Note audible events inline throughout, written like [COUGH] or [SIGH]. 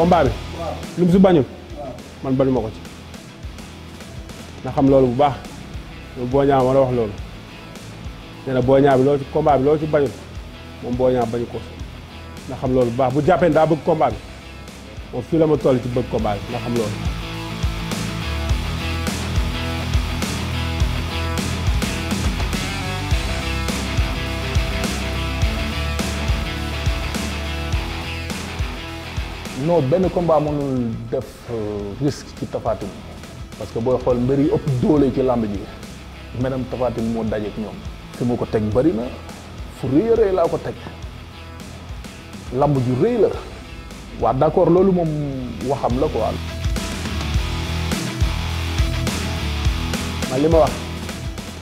combat bi. lu mu si bañul. man bañu ma ko ci. na xam loolu bu baax loolu boo ma la wax loolu nee na boo ñaaw bi loolu ci combat bi loolu ci bañul moom boo ñaaw bañu ko na xam loolu bu baax bu jàppee daa bëgg combat bi moom fii la ma toll ci bëgg combat bi na xam loolu. non benn combat mënul def euh, risque ci Tapha parce que booy xool mbir yi ëpp doole ci làmb ji menam Tapha moo dajeek ñoom fi mu ko teg bëri na fu rëy a rëy laa ko teg làmb ju rëy la waa d'accord loolu moom waxam la quoi. man li ma wax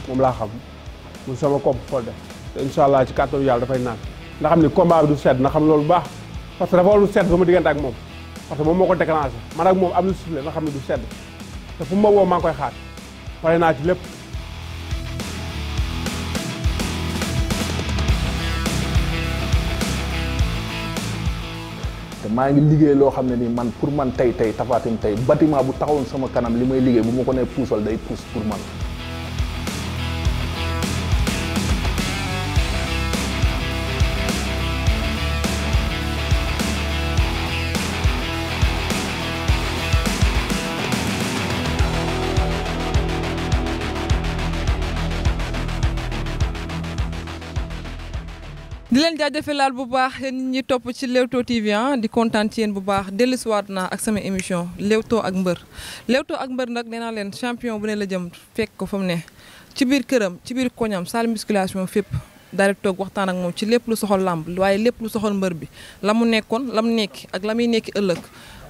moom laa xam mu sama kopp xool de te incha ci kàttan yàlla dafay naan nga xam ni combat bi du sedd na xam loolu baax. parce que dafa war lu sedd sama diggante ak moom parce que moom moo ko déclenché man ak moom am lu sifle nga xam ne du sedd te fu ma woo maa koy xaar pare naa ci lépp te maa ngi liggéey loo xam ne nii man pour man tey tey Tapha Tine tey bâtiment bu taxawoon sama kanam li may liggéey bu ma ko nee puusal day puus pour man di leen jaajëfalaat bu baax yéen ñi topp ci Leewtoo TV ah, di kontaan ci yéen bu baax dellusiwaat naa ak sama émission Leewtoo ak mbër Leewtoo ak mbër nag neenaan leen champion bu neen la jëm fekk ko fa mu ne ci biir këram ci biir koñam salle musculation fépp daal toog waxtaan ak moom ci lépp lu soxal làmb waaye lépp lu soxol mbër bi la mu nekkoon la mu nekki ak la muy nekki ëllëg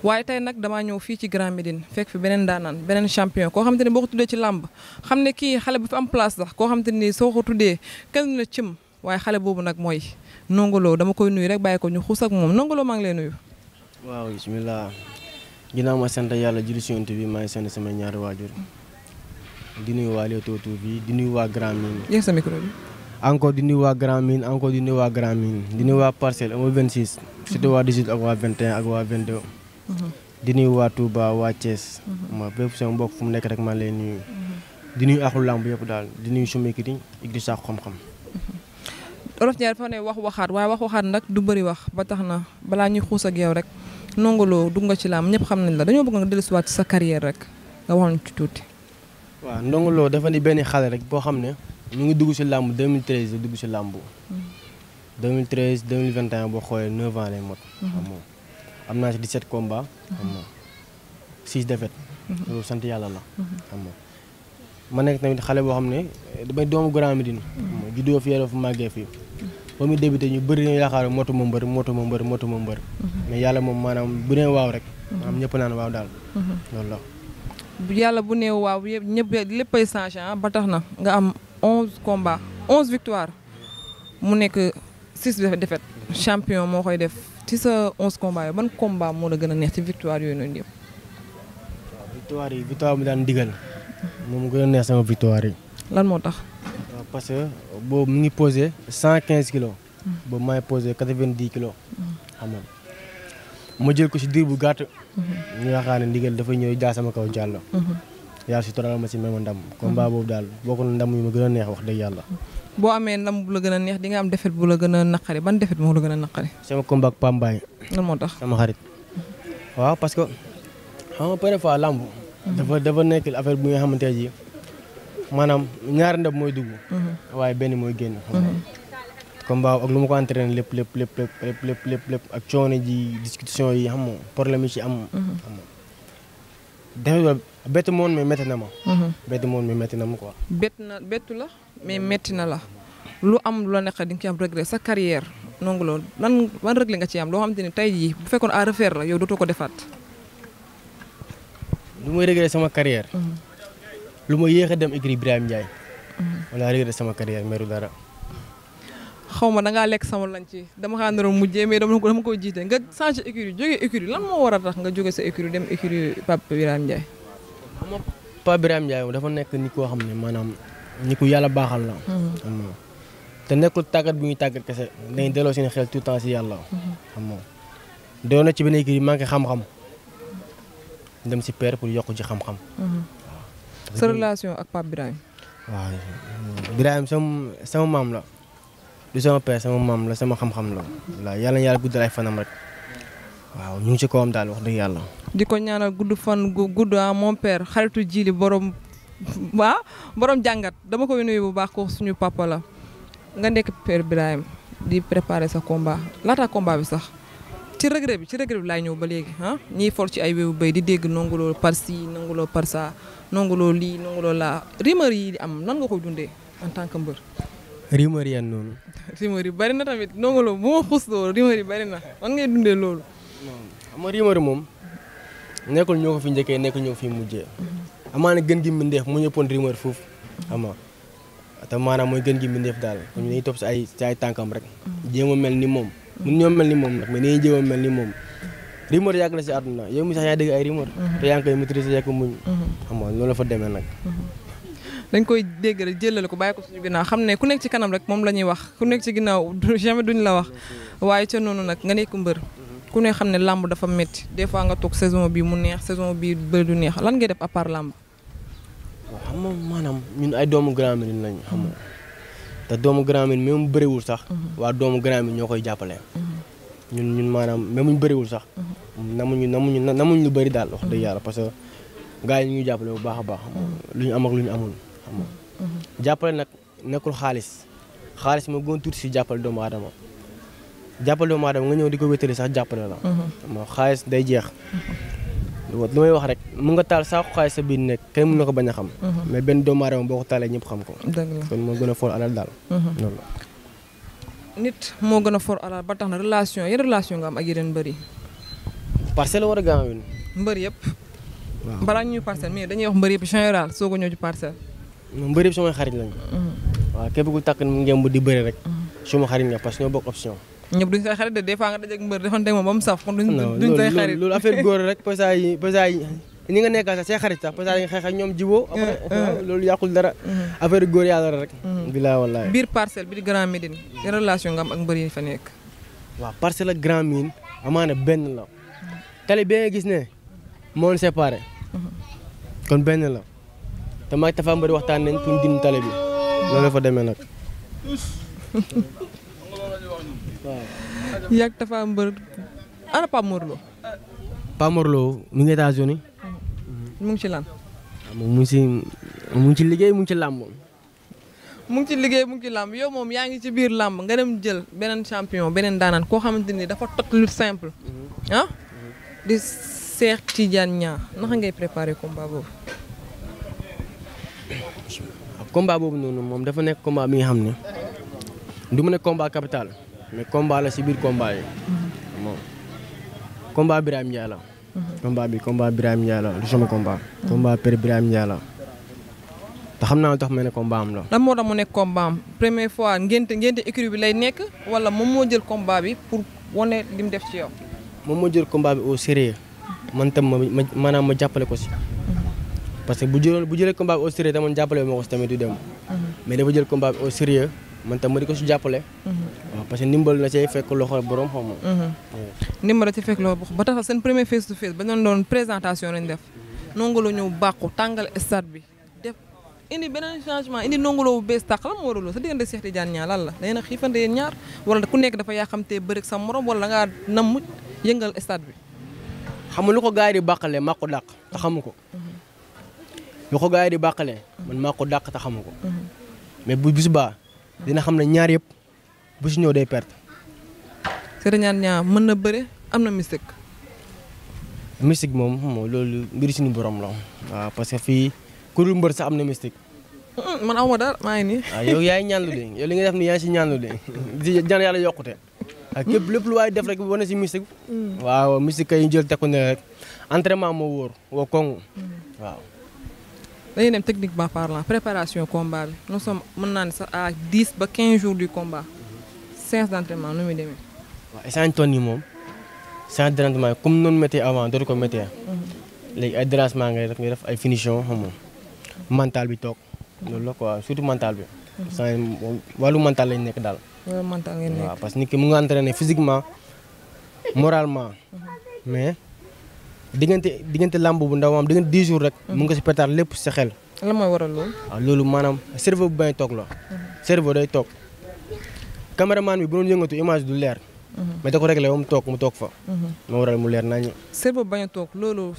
waaye tey nag damaa ñëw fii ci Grand Médine fekk fi beneen daanaan beneen champion ko xamante ne boo ko tuddee ci làmb xam ne kii xale bu fi am place la koo xamante ni soo ko tuddee kenn na cim waaye xale boobu nag mooy Ndongo Lo dama koy nuyu rek bàyyi ko ñu xuus ak moom Ndongo Lo maa ngi lay nuyu. waaw bisimilah ginnaaw ma sant yàlla julli si yonent bi maa ngi sant sama ñaari waajur di nuyu waa Leewtoo TV di nuyu waa Grand Mine. bi. di nuyu waa Grand Mine encore di nuyu waa Grand Mine di nuyu waa Parcelles amoo 26. surtout mhm. di nuyu waa Touba waa Thiès. Mhm. ma bépp mu nekk rek maa lay nuyu. di nuyu axul làmb yëpp daal di nuyu suma kii di Idrissa xam-xam. olof ñaar dafa ne wax waxaat waaye wax waxaat nag du bëri wax ba tax na balaa ñuy xuus ak yow rek Ndongo Lo dugg nga ci laam ñëpp xam nañ la dañoo bëgg nga dellusiwaat ci sa carrière rek nga waxoon ci tuuti. waa Ndongo Lo dafa ni benn xale rek boo xam ne mu ngi dugg ci làmb 2013 la dugg ci làmb. 2013 mm-hmm. 2021 boo xoolee 9 ans lay mot. Mm-hmm. am naa si 17 combats. xam moom mm-hmm. 6 défaites. loolu sant yàlla la. ma nekk tamit xale boo xam ne damay doomu Grand Médine mm-hmm. juddoo fi yaroo fi màggee fi ba muy débuté ñu bëri ñu yaakaar motu ma mbër motu ma mbër motu ma mbër mm-hmm. mais yàlla moom maanaam bu nee waaw rek mm-hmm. ñëpp naan waaw daal loolu yàlla bu nee waaw yëpp ñëpp léppay changé ah, tax na nga am onze combats onze victoires mu nekk six défaites champion moo koy def ci sa onze combats yooyu ban combat moo la gën a neex ci victoire yooyu noonu yëpp waaw victoire yi victoire bi daan digal moom gën a neex sama victoire yi. lan moo tax. parce que boobu mu ngi posé cent quinze kilos. Mm. boobu maay posé quatre vingt dix kilos. Mm. xam ma jël ko si diir bu gàtt. Mm-hmm. ñu yaakaar ne ndigal dafa ñëw jaa sama kaw jàll. Mm-hmm. yàlla si toral ma si même ndam. Mm-hmm. combat boobu daal bokk na ndam yu ma gën a neex wax dëgg yàlla. boo amee ndam bu la gën a neex di nga am defet bu la gën a naqari ban defet moo la gën a naqari. sama combat ak Pambaay. lan moo tax sama xarit. waaw parce dafa dafa nekk affaire bu nga xamante ji maanaam ñaari ndab mooy dugg. Mm-hmm. waaye benn mooy génn. Mm-hmm. comme baaw ak lu ma ko entraîné lépp lépp lépp lépp lépp lépp ak coono ji discussion yi xam nga problème yi ci am. Mm-hmm. xam nga defe naa na ma. bett moon mais métti na ma quoi. bett na la mais métti na la lu am lu la neex di nga ci sa carrière nongu loolu lan ban nga ci am loo xamante ni tey jii bu fekkoon à refaire la yow dootoo ko defaat. lu may regretté sama carrière. Mm-hmm. lu ma yéex a dem écrit Ibrahima Ndiaye. Mm-hmm. wala regretté sama carrière meru dara. xaw ma da ngaa lekk sama lan ci dama xaa naroon mujjee ko dama ko jiite nga changé écurie jóge écurie a tax nga jóge sa écurie dem écurie Pape Birame dafa nekk nit koo xam ne maanaam ni ku yàlla baaxal la. Mm-hmm. te nekkul tàggat bu ñuy tàggat kese dañuy delloo seen xel tout temps si yàlla. xam nga doon na ci xam-xam. dem si père pour yokk ci xam-xam. Mhm. sa relation ak Pape Birahim. waaw Birahim sama sama maam la du sama père sama maam la sama xam-xam la waaw yàlla na yàlla guddal ay fanam rek waaw ñu ngi ci kawam daal wax dëgg yàlla. di ko ñaanal gudd fan gu gudd ah mon père xaritu jili borom waa borom jàngat dama koy nuyu bu baax ko suñu papa la nga nekk père Birahim di préparer sa combat laata combat bi sax. ci regret bi ci regret bi laa ñëw ba léegi ah ñiy for ci ay wéewu béy di dégg nonguloo par ci nonguloo par ça lii nonguloo laa rumeur yi di am nan nga koy dundee en tant que mbër. rumeur yan yi bari na tamit nonguloo bu ma xus bari na nan ngay dundee loolu. xam nga rumeur moom nekkul ko fi njëkkee nekkul ñoo ko fi mujjee. Mhm. amaana gën gi mbindeef mu ñëppoon rumeur foofu ama te maanaam mooy gën gi mbindeef daal ñu dañuy topp si ay si ay tànkam rek. Mhm. jéem a mel ni moom. mun ñoo mel ni moom nag mais ni ñuy jéem mel ni moom rumeur yàgg na si àdduna yow mi sax yaa dégg ay rumeur mhm. te yaa ngi koy maîtriser yàgg muñ mhm. loolu la demee nag mhm. dañ koy dégg rek ko bàyyi ko suñu xam ne ku nekk ci kanam rek moom la ñuy wax ku nekk ci ginnaaw jamais duñ la wax waaye ca noonu nag nga nekk mbër ku ne xam ne làmb dafa métti des fois nga toog saison bi mu neex saison bi bëri du neex lan ngay def à part làmb maanaam ñun ay doomu Grand Médine lañ xam nga te doomu Grand Médine même mu bëriwul sax. Mhm. waa doomu Grand Médine ñoo koy jàppale. Mhm. ñun ñun maanaam même mu ñu bëriwul sax. Mhm. na namuñu namuñu lu bëri daal wax dëgg yàlla parce que gars yi ñu ngi jàppale bu baax a baax. lu ñu am lu ñu amul jàppale nag nekkul xaalis xaalis moo gën tuuti si jàppale doomu aadama jàppale doomu aadama nga ñëw di ko wétali sax jàppale la. xaalis day jeex. lu may wax rek mun nga taal saako xaalis sa biir nekk kenn mun na ko bañ a xam. Mhm. mais benn doomu aadama boo ko taalee ñëpp xam ko. kon moo gën a for alal daal. Mhm. loolu la. nit moo gën a for alal ba tax na relation yan relation nga am ak yeneen mbër yi. parcelle war a gaaw mbër yëpp. balaa ñuy parcelle mais dañuy wax mbër yëpp général soo ko ñëw ci parcelle. mbër yëpp samay xarit lañu. Mhm. waaw képp ku takk ngeen bu di bëri rek. suma xarit nga ñëpp duñ a xarit de des fois nga dajeeg mbër defante moom ba mu saf kon duñ duñ xarit loolu affaire góor rek pesa yi pesa yi ñi nga nekkal sax say xarit sax pesa yi nga xeex ak ñoom jiboo mm, après mm. [LAUGHS] Mm. góor yàlla biir parcelle bi di Grand Médine relation nga am fa nekk waaw parcelle ak Grand Médine amaana benn la tali bi nga gis ne moo ñu séparé mm-hmm. kon benn la te maag tafa waxtaan nañ pour ñu dindi tali bi demee nag [LAUGHS] yàgg Tapha Mbeur ana Pape Mor Lo. Pape États-Unis. Mm-hmm. mu ngi ci lan. Ah, mu ngi ci mu liggéey mu ngi ci làmb. mu ngi ci liggéey mu ngi ci làmb yow moom yaa ngi ci biir làmb nga dem jël beneen champion beneen daanaan koo xamante ni dafa tot lu simple. Mm-hmm. ah di Cheikh Tidiane Niang naka ngay préparer combat boobu. combat boobu noonu moom dafa nekk combat bi nga xam ne du mu nekk mais combat la si biir combat yi. moom combat Birame la. Mhm. combat bi combat Birame Ndiaye la du sama combat. Mhm. naa tax ma ne combat am la. lan moo tax mu nekk combat am première fois ngénte ngénte bi lay nekk wala moom moo jël combat bi pour wane li def ci yow. moom moo jël combat bi au sérieux man tam ma ma maanaam ma jàppale ko si. Mhm. parce que bu jëloon bu jëlee combat bi au sérieux tamit jàppale ma ko si tamit du dem. mais dafa jël combat bi au sérieux man tam ma di ko si jàppale. Mhm. parce que ndimbal na see fekk loxo borom xaw mhm. ndimbal na ci fekk loxo ba tax seen premier face to face ba ñu doon présentation lañ def. Ndongo Lo ñëw bàqu tàngal stade sa diggante Cheikh Tidiane ñaar lan la da ngeen a xiifante yéen ñaar wala ku nekk dafa yaaxamtee bëri sa morom wala ngaa namm yëngal stade bi. xam ko gars yi di bàqalee maa ko mhm. man maa ko te xamu mais bu bis baa dina xam ne ñaar yëpp bu si ñëw day perte. Sëriñ Niang Niang mën na bëre am na mystique. mystique moom mooy hmm, loolu mbiri suñu borom la. waaw parce que fii ku dul mbër sax am na mystique. Hmm, man aw ma daal maa ni ah, yaay si ñaanlu de di ñaan yàlla yokkute. ak ah, képp lépp lu waay def rek wane si mystique. Hmm. waaw mystique kay ñu jël tegu ne moo wóor woo dañuy dem techniquement parlant préparation combat bi nous sommes mën naa ne sax à 10 ba 15 mhm. ay dérangement ngay bi toog loolu la quoi surtout mental bi. Mhm. saa wàllu mental lañ nekk daal. parce que mu nga entraîné physiquement moralement mhm. mais. diggante diggante làmb bu ndaw maam diggante 10 jours rek. Mhm. mu ngi ko si pétard lépp si xel. lan mooy waral loolu. waaw ah, loolu maanaam cerveau bu bañ toog la. Mhm. cerveau day toog caméraman bi bu doon yëngatu image du leer. Mhm. mais da ba mu toog a loolu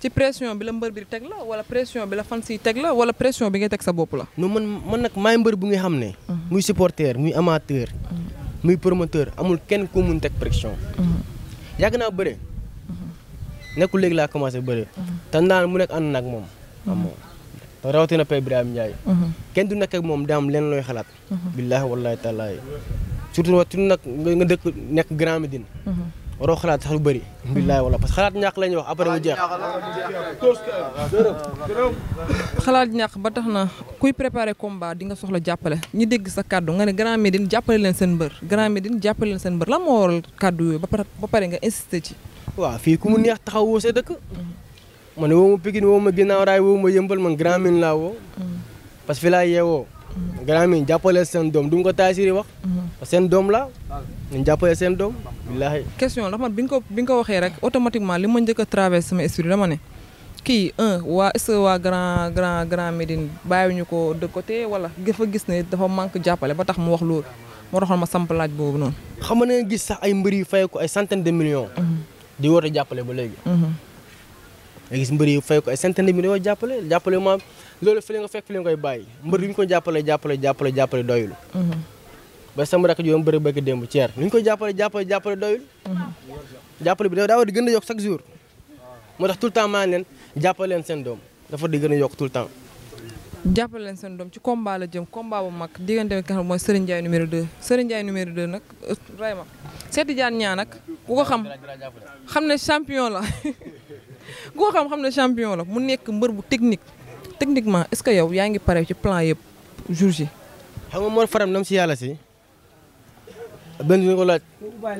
ci pression bi la mbër bi teg la wala pression bi la fan si teg la wala pression bi nga teg sa bopp la. non man man nag maay mbër bu nga xam ne. muy supporter muy amateur. muy promoteur amul kenn ku mun teg pression. yàgg naa bëre. nekkul léegi laa commencé bëre. Mhm. te naan mu nekk ànd nag moom. Mhm. am moom te rawatina Père Birahim Ndiaye. Mhm. kenn du nekk ak moom daa am leen looy xalaat. billaahi wallaahi taalaa surtout nag surtout nag nga dëkk nekk Grand Médine. waroo xalaat sax lu bëri. billaahi wallaahi parce que xalaat ñàkk la ñuy wax après mu jeex. xalaat ñàkk ba tax na kuy préparer combat di nga soxla jàppale ñu dégg sa kàddu nga ne Grand Médine jàppale leen seen mbër Grand Médine jàppale moo waral kàddu yooyu ba pare nga waa fii ku mu neex taxaw woo sa dëkk. man woo ma Pikine woo ma ginnaaw raay woo ma yëmbal man Grand Médine laa woo. parce que fi laa yeewoo. Grand jàppale seen doom du nga ko taasiri wax. seen doom la ñu jàppale seen doom. billaahi question ndax man bi nga ko bi nga ko waxee rek automatiquement li ma njëkk a traversé sama esprit ne. kii waa est waa grand grand grand Médine bàyyiwuñu ko de côté wala dafa gis ne dafa manque jàppale ba tax mu wax loolu moo taxoon ma sampalaaj boobu noonu. xam nga gis sax ay mbir yu fay ko ay centaine de million di woote jàppale ba léegi. Mhm. nga gis mbër yi fay ko ay centaine de millions jàppale jàppale ma loolu fële nga fekk fële nga koy bàyyi mbër yi ko jàppale jàppale jàppale jàppale doyul. Mhm. ba sama rakk ju mbër bëgg démb ceer lu ñu koy jàppale jàppale jàppale doyul. Mhm. jàppale bi daa war di gën a yokk chaque jour. moo tax tout le temps maa leen jàppale leen dafa di gën a yokk tout temps. jàppale leen seen doom ci combat la jëm combat bu mag diggante bi nga xam mooy Serigne Ndiaye numéro 2 Serigne Ndiaye numéro 2 nag vraiment Seti Diagne ñaa nag ku ko xam xam ne champion la [LAUGHS] ku ko xam xam ne champion la mu nekk mbër bu technique techniquement est-ce que yow yaa ngi pare ci plan yëpp jour ji. xam nga Mor Faram nam si yàlla si. benn ni ko laaj.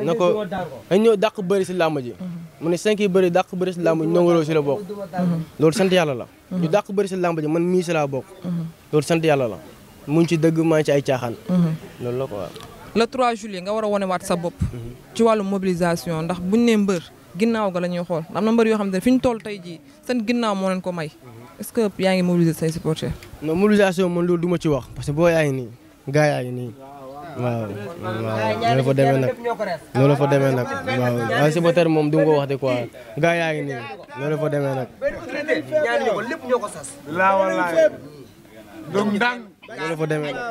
na ko dañ ñëw dàq bëri si làmb mu ne cinq yi bëri dàq bëri si làmb ji ndongoloo si la bokk loolu sant yàlla la ñu dàq bëri si làmb ji man mii si laa bokk loolu sant yàlla la muñ ci dëgg maa ci ay caaxaan loolu la quoi le 3 juillet nga war a wonewaat sa bopp ci wàllu mobilisation ndax buñ mbër ginnaaw ga la xool am mbër yoo xam ne fi ñu toll tey jii ginnaaw moo leen ko may est que yaa ngi mobiliser man loolu du ci wax parce que yaa ngi nii gaa yaa nii waaw waaw noonu la fa demee nag noonu la fa demee nag waaw waaye si moom du nga ko wax de quoi yaa ngi nii noonu demee nag. loolu fa demee la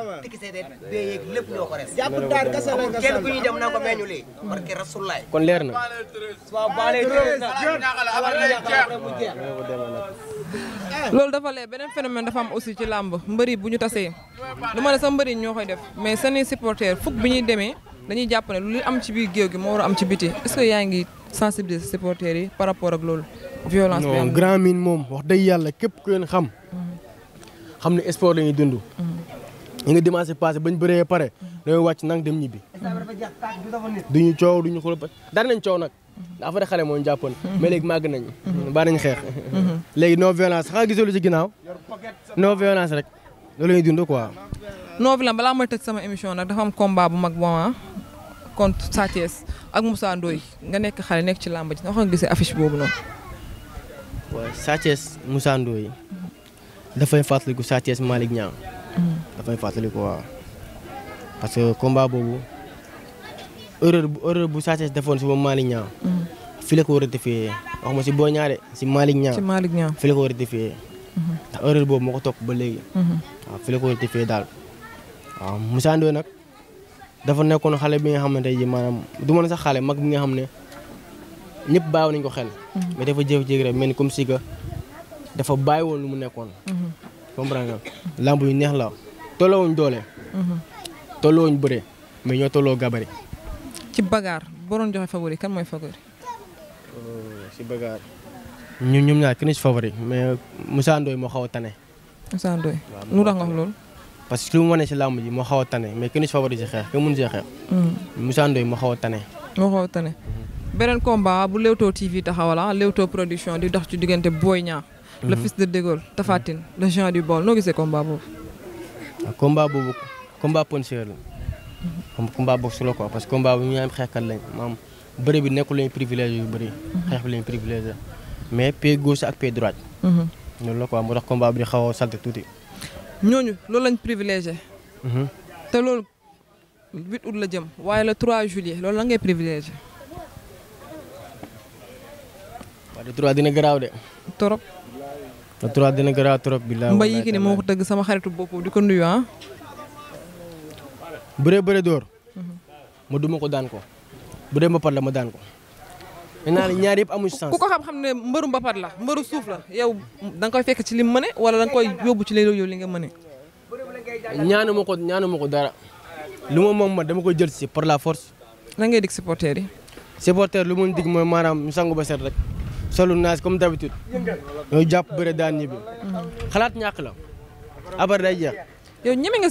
ñu dem na ko meññu lii. barke rasulaay. kon leer na. Ah. loolu dafa lee beneen phénomène dafa am aussi ci làmb mbëri bu ñu tasee lu ma ne sax mbëri ñoo koy def mais seeni supporter fukk bi ñuy demee dañuy jàpp ne lu am ci biir géew gi moo war am ci biti est que yaa ngi sensibiliser supporter yi par rapport ak loolu. violence bi am grand mine moom wax dëgg yàlla képp ku leen xam. Mm-hmm. xam ne sport la ñuy dund. ñu ngi dimanche passé bañ bëree pare dañoo wàcc nang dem ñibbi. du ñu coow du ñu xool dara nañ coow nag. daa fa xale moo ñu jàppoon. mais léegi màgg nañu. baa nañ xeex. léegi non violence xanaa gisoo lu ci ginnaaw non violence rek loolu la ñuy dund quoi. non violence balaa may tëj sama émission nag dafa am combat bu mag bon ah, contre Sa Thiès ak Moussa Ndoye nga nekk xale nekk ci làmb ji nga xam ne gisee affiche boobu noonu. waaw Sa Thiès Moussa Ndoye dafay fàttaliku Sa Thiès Malick Niang. Mm-hmm. dafay que combat boobu bu erreur bu Sa Thiès defoon si moom Malick Niang. Mm-hmm. ma si Boy Niang de si Malick Niang. si Malick mm-hmm. dafa nekkoon xale bi nga xamante ji maanaam du mën sax xale mag bi nga xam ne ñëpp bàyyi nañ ko xel. mais dafa jékki-jékki rek mel comme si dafa bàyyi woon lu mu nekkoon. comprendre nga lamb neex la tolloowuñ doole. Mhm. tolloowuñ bëre mais ñoo tolloo gabari. ci bagaar boo doon joxe favori kan mooy favori. Oh, ci bagaar. ñun ñoom ñaar kenn ci favori mais Moussa Ndoye moo xaw a tane. Moussa Ndoye lu tax nga wax loolu. parce que lu mu wane ci làmb ji moo xaw a tane mais mhm. xaw a tane. moo xaw a tane. Mhm. bu Leewtoo TV taxawala ah, Leewtoo production di dox ci diggante Boy Niang le fils de De Gaulle Tapha mm-hmm. Tine le géant du Baol noo gisee combat boobu. waaw ah, combat boobu combat puncheur la. Mm-hmm. comme combat boxe la quoi parce que combat bi ñu am xeexkat lañ maam bëri bi nekkul lañ privilège yu bëri. Mm-hmm. xeex bi lañ privilège mais pied gauche ak pied droite. loolu la quoi moo tax combat bi di xaw a salté tuuti. ñooñu loolu lañ loolu 8 août la waaye la ngay dina garaaw de. le 3 dina gën a trop bi ko tëgg sama xaritu bopp di ko nuyu ah. bëree bëri ma duma ko daan ko. bu dee mbapat la ma daan ko. maintenant yëpp amuñu sens. ko xam-xam ne mbëru mbapat la mbëru suuf la yow da nga fekk ci li mu mëne wala da koy yóbbu ci léeg-léeg yow li nga mëne. ñaanu ma ko ñaanu ma ko dara. lu ma moom ma dama koy jël si par la force. lan ngay dig supporter yi. supporter lu mu dig mooy maanaam sangu ba set rek. solo naas comme d'habitude ñoo jàpp bëre daan ñibbi xalaat ñàkk la abar day jeex. yow ñeme nga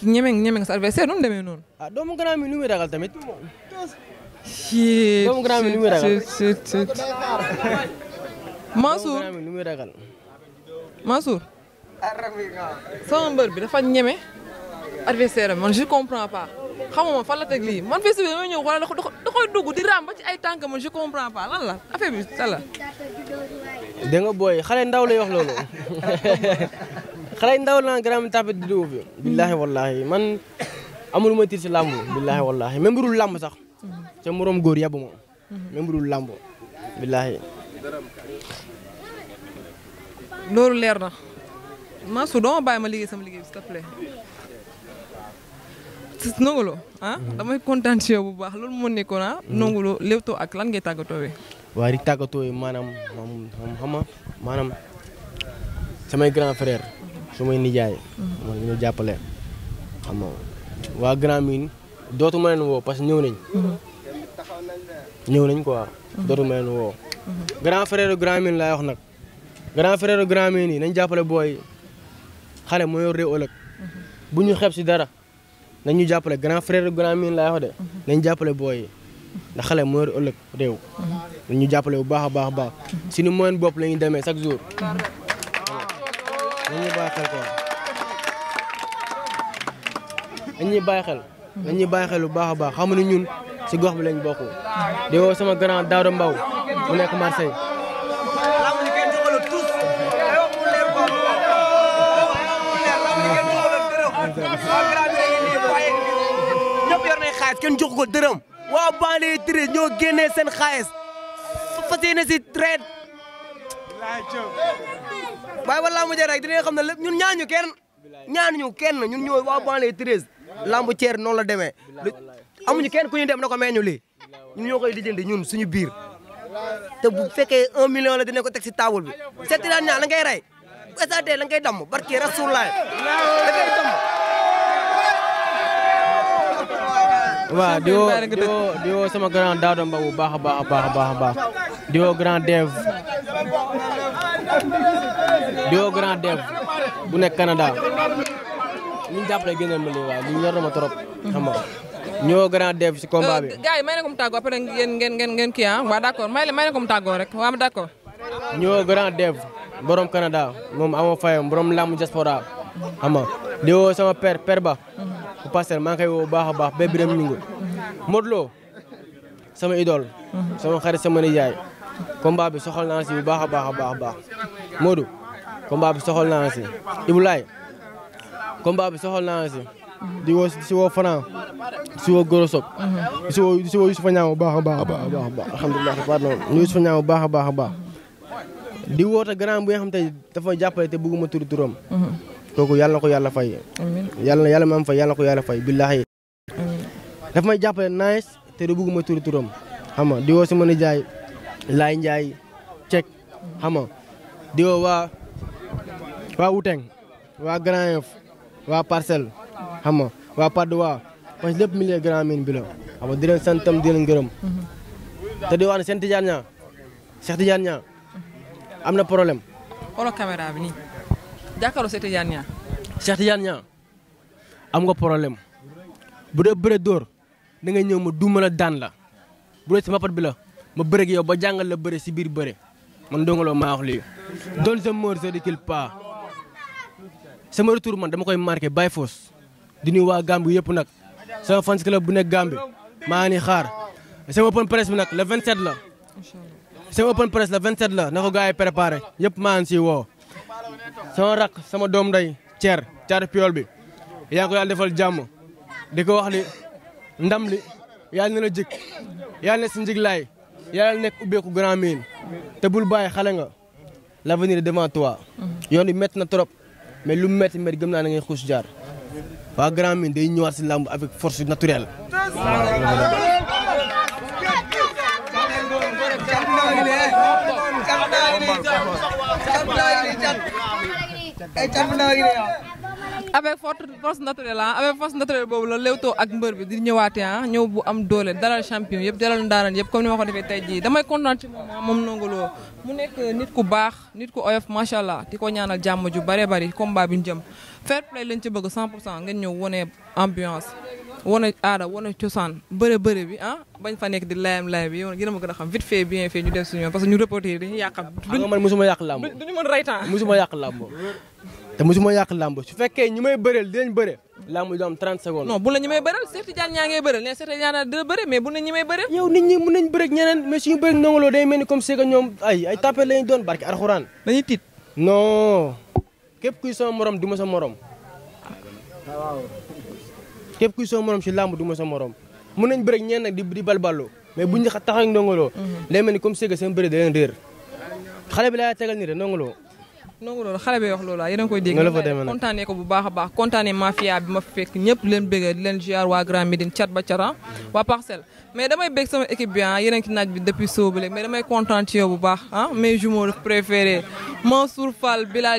ñeme nga adversaire nu mu demee noonu. ah doomu grand mi nu muy ragal tamit. doomu grand mi nu muy ragal. bi dafa ñeme adversaire man je comprends pas. xamuma fan la teg ma man fii si biir damay ñëw wala da koy dugg di raam ba ci ay tànk man je comprends pas la affaire bi lan la. da nga ndaw lay wax loolu xale ndaw la grand tapé di dugg fi. billaahi man amul ma tiit si làmb. billaahi wallaahi même bu dul làmb sax. sa moroom góor yàbb ma. na. Mansour doo ma Ndongo Lo a ah? mm. damay kontaan si yow bu baax loolu moo nekkoon ah. Mm. Ndongo Lo Leewtoo ak lan ngay tàggatoo bi. waaye di tàggatoo yi maanaam moom maanaam samay grand frère. Mm-hmm. sumay nijaay. Mm-hmm. mooy ñu jàppale. xam nga waa grand mine dootu ma leen woo parce que ñëw nañ. Mm-hmm. ñëw nañ quoi. dootu ma leen woo. grand frère grand mine laay wax nag. grand frère grand mine yi jàppale booy xale si dara. nañu ñu jàppale grand frère grand mine nañu jàppale booy yi ndax xale moo yor nañu ñu jàppale bu baax a baax a baax suñu moyen bopp la ñuy demee chaque jour. nañu bàyyi xel quoi nañu bàyyi xel. nañu bàyyi xel bu baax a baax xam ne ñun si gox bi lañ bokk. di woo sama grand Daouda Mbaw mu nekk laaj kenn jox ko dërëm waa banlieue treize ñoo génnee seen xaalis fas yéene si traite waaye wala mu jël rek dinañ xam ne lépp ñun ñaanuñu kenn ñaanuñu kenn ñun ñoo waa banlieue treize lambu ceer noonu la demee amuñu kenn ku ñu dem na ko meññu lii ñun ñoo koy lijjanti suñu biir te bu fekkee un million la dinañ ko teg si table bi seeti daan ñaa la ngay rey bu SAD la ngay damm barki rasulilah waaw di woo di woo sama grand Daouda Mba bu baax a baax baax a baax a baax di woo grand Dev di woo grand Dev bu nekk Canada ñu jàppale génnoon ma lii waaw ñu ñor na ma trop. xam nga ñoo grand Dev si combat bi. Euh, gars yi may na ko mu tàggoo après ngeen ngeen ngeen ngeen kii ah waaw d' accord may may na ko mu tàggoo rek waaw d' accord. ñoo grand Dev borom Canada moom amoo fayam borom làmb diaspora xam nga di sama père père ba. bu Parcelles maa ngi koy woo bu baax a baax bépp biram ñungu Modou sama idole sama xarit sama nijaay combat bi soxal naa si bu baax a baax a baax baax Modou bi soxal naa si Ibou Laye combat bi soxal naa si di woo si woo Franc si woo Goro Sock si woo si woo Youssoufa bu baax a baax baax baax alhamdulilah pardon Youssoufa Niang bu baax a baax a baax di woote grand bu nga xam te dafa jàppale te bëgguma turu turam kooku yàlla na ko yàlla fay. amiin yàlla yàlla ma am fay yàlla na ko yàlla fay billaahi. amiin daf may jàppale te du bëgguma tur turam xam nga di woo sama nijaay Cek xam nga waa Wuteng waa Grand Yoff waa Parcelles xam waa Patte d'Oie parce que lépp milieu Grand Médine bi la xam nga di leen sant tam mhm. te di wax ne seen Tidiane Niang Cheikh Tidiane Niang am jàkkaarloo Cheikh Tidiane Niang. Cheikh am nga problème bu dee bëre dóor da ngay ñëw ma duuma la daan la bu dee si mbapat bi la ma bëre ak ba jàngal la bëre si biir bëre man dongaloo maa wax lii. donne sa mort sa recule pas sama retour man dama koy marqué Baye Foss di nuyu waa Gambie yëpp nag sama fans bu nekk Gambie maa ni xaar sama open press bi nag le 27 la. incha allah sama open press le 27 la na ko gars yi préparé yëpp maa ngi siy sama rakk sama doom nday cer Thierre Piol bi yaa ngi ko yàlla defal jàmm di ko wax ni ndam li yàlla na la jik yàlla na si njiglaay yàlla nekk ubbeeku Grand Médine te bul xale nga l'avenir est devant mm-hmm. yoon bi métti na trop mais lu mu métti métti gëm naa ne ngay xuus jaar waa Grand Médine day ñëwaat si làmb avec force naturelle. avec forte force naturelle ah avec force naturelle boobu la Leewtoo ak mbër bi di ñëwaatee ah ñëw bu am doole dalal champion yëpp dalal ndaanaan yëpp comme ni ma ko defee tey jii damay kontaan ci moom ah loo mu nekk nit ku baax nit ku oyof macha allah di ko ñaanal jàmm ju bare bari combat bi ñu jëm fair play lañ ci bëgg 100 pour cent ngeen ñëw wone ambiance. wane aada a cosaan bëre bëre bi ah bañ fa nekk di layam layam bi yow gën a gën a xam vite fait bien fait ñu def suñu parce que ñu reporter dañuy yàqam. duñu ah, man mosuma yàq làmb duñu su fekkee ñi may bëreel dinañ bëre làmb du am 30 secondes non bu la ñi may bëreel Cheikh Tidiane ñaa ngay bëreel ne Cheikh Tidiane dina bëre mais bu ne ñi may bëreel yow nit ñi mën nañ ñeneen mais suñu bëre ak Ndongo day mel ni comme Sega ñoom ay ay tapé lañu képp kuy soo morom si làmb du ma morom mun nañ bëri ñeen nag di di balbaloo mais buñ ñu taxaw ak Ndongo Lo lay mhm. mel ni comme Séga seen bëri da ni de Ndongo Lo Ndongo Lo xale bi loolu yéen a ngi koy dégg kontaanee ko bu baax a baax kontaanee mafia ma fekk ñëpp leen bëgg di leen ziar waa Grand Médine cat ba caran waa parcelle mais damay bëgg sama équipe bi ah yéen a ngi ci bi depuis soobale mais damay kontaan ci bu baax ah mes jumeaux préférés Mansour Fall Bilal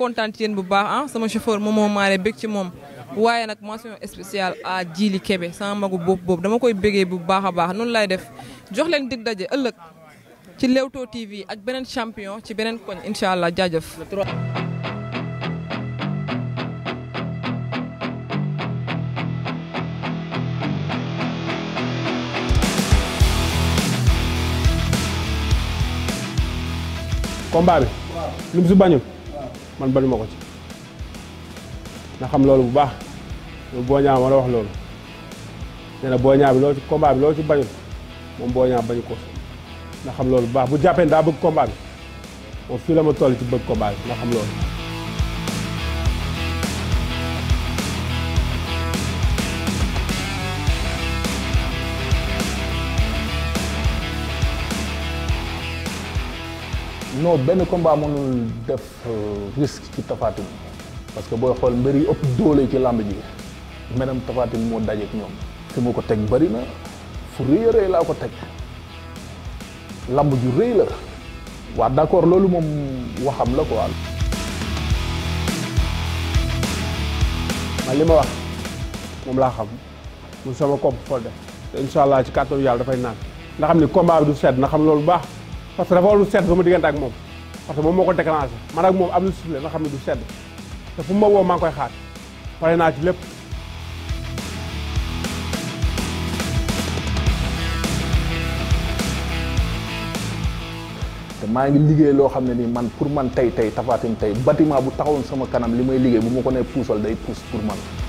kontaan ci yéen ah, sama chauffeur moom moo maaree bëgg ci moom waaye nag mention spéciale a jiili Kébé sama magu bopp boobu dama koy bégee bu baax a baax noonu lay def jox leen dig daje ëllëg ci Leewtoo TV ak beneen champion ci beneen koñ incha allah jaajëf. combat lu mu si bañul man bañuma ko ci na xam loolu bu baax loolu boo ñaa wax loolu nee na boo ñaa bi loolu ci combat bi loolu ci bañul moom boo ñaa ko na xam loolu bu baax bu jàppee daa bëgg combat bi moom fii la ma toll ci bëgg combat bi na xam loolu non benn combat mënul def euh, risque ci Tapha Tine parce que booy xool mbir yi ëpp doole ci làmb ji menam Tapha Tine moo dajeek ñoom fi mu ko teg bari na fu rëy a rëy laa ko teg làmb ju rëy la waa d'accord loolu moom waxam la quoi. man li ma wax moom laa xam mun sama kopp Fodé te incha ci kàttanu yàlla dafay naan nga xam ni kom bi du sedd na xam loolu baax parce que dafa war du sedd sama diggante ak moom parce que moom moo ko déclenché man ak moom am na soufflé nga xam ne du sedd. te fu ma maa koy xaar pare naa ci lépp. te maa ngi liggéey loo xam ne nii man pour man tey tey Tapha Tine tey bâtiment bu taxawoon sama kanam li may liggéey bu ma ko ne puusal day puus pour man.